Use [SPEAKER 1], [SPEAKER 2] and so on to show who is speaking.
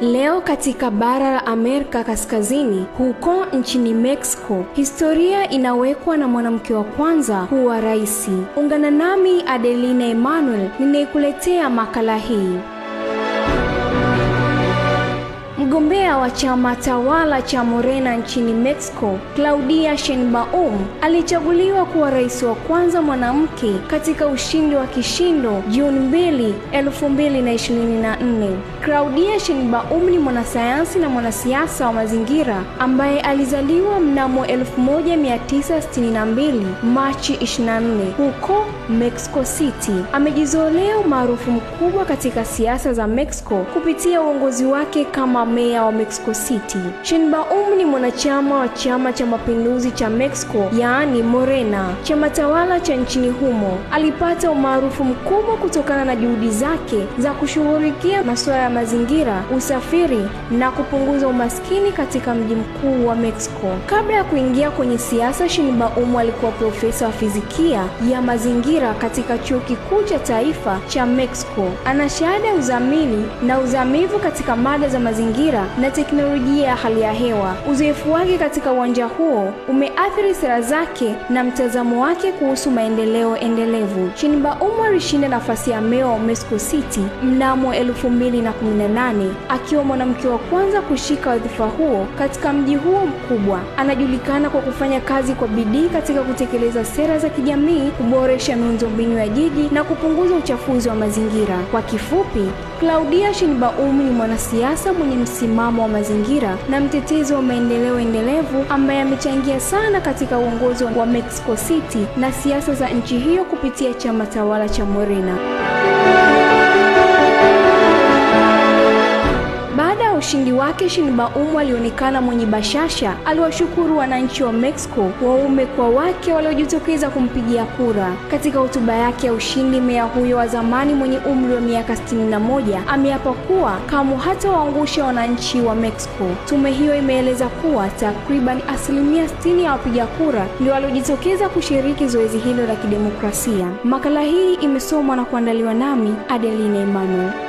[SPEAKER 1] Leo katika bara la Amerika Kaskazini, huko nchini Mexico, historia inawekwa na mwanamke wa kwanza kuwa raisi Ungana nami Adelina Emmanuel ninayekuletea makala hii. Mgombea wa chama tawala cha Morena nchini Mexico, Claudia Sheinbaum alichaguliwa kuwa rais wa kwanza mwanamke katika ushindi wa kishindo Juni 2, 2024. Claudia Sheinbaum ni mwanasayansi na mwanasiasa wa mazingira ambaye alizaliwa mnamo 1962 Machi 24 huko Mexico City. Amejizolea umaarufu mkubwa katika siasa za Mexico kupitia uongozi wake kama meya wa Mexico City. Sheinbaum ni mwanachama wa Chama cha Mapinduzi cha Mexico, yaani Morena, chama tawala cha nchini humo. Alipata umaarufu mkubwa kutokana na juhudi zake za kushughulikia masuala ya mazingira, usafiri na kupunguza umaskini katika mji mkuu wa Mexico. Kabla ya kuingia kwenye siasa, Sheinbaum alikuwa profesa wa fizikia ya mazingira katika Chuo Kikuu cha Taifa cha Mexico. Ana shahada ya uzamini na uzamivu katika mada za mazingira mazingira na teknolojia ya hali ya hewa. Uzoefu wake katika uwanja huo umeathiri sera zake na mtazamo wake kuhusu maendeleo endelevu. Chinimba Umo alishinda nafasi ya meya wa Mexico City mnamo 2018 akiwa mwanamke wa kwanza kushika wadhifa huo katika mji huo mkubwa. Anajulikana kwa kufanya kazi kwa bidii katika kutekeleza sera za kijamii, kuboresha miundombinu ya jiji na kupunguza uchafuzi wa mazingira. Kwa kifupi, Claudia Sheinbaum ni mwanasiasa mwenye msimamo wa mazingira na mtetezi wa maendeleo endelevu ambaye amechangia sana katika uongozi wa Mexico City na siasa za nchi hiyo kupitia chama tawala cha Morena. ushindi wake, Umu alionekana mwenye bashasha. Aliwashukuru wananchi wa Mexico, waume kwa wake, waliojitokeza kumpigia kura. Katika hotuba yake ya ushindi, meya huyo wa zamani mwenye umri wa miaka 61 ameapa kuwa kamwe hatawaangusha wananchi wa Mexico. Tume hiyo imeeleza kuwa takriban asilimia 60 ya wapiga kura ndio waliojitokeza kushiriki zoezi hilo la kidemokrasia. Makala hii imesomwa na kuandaliwa nami Adeline Emmanuel.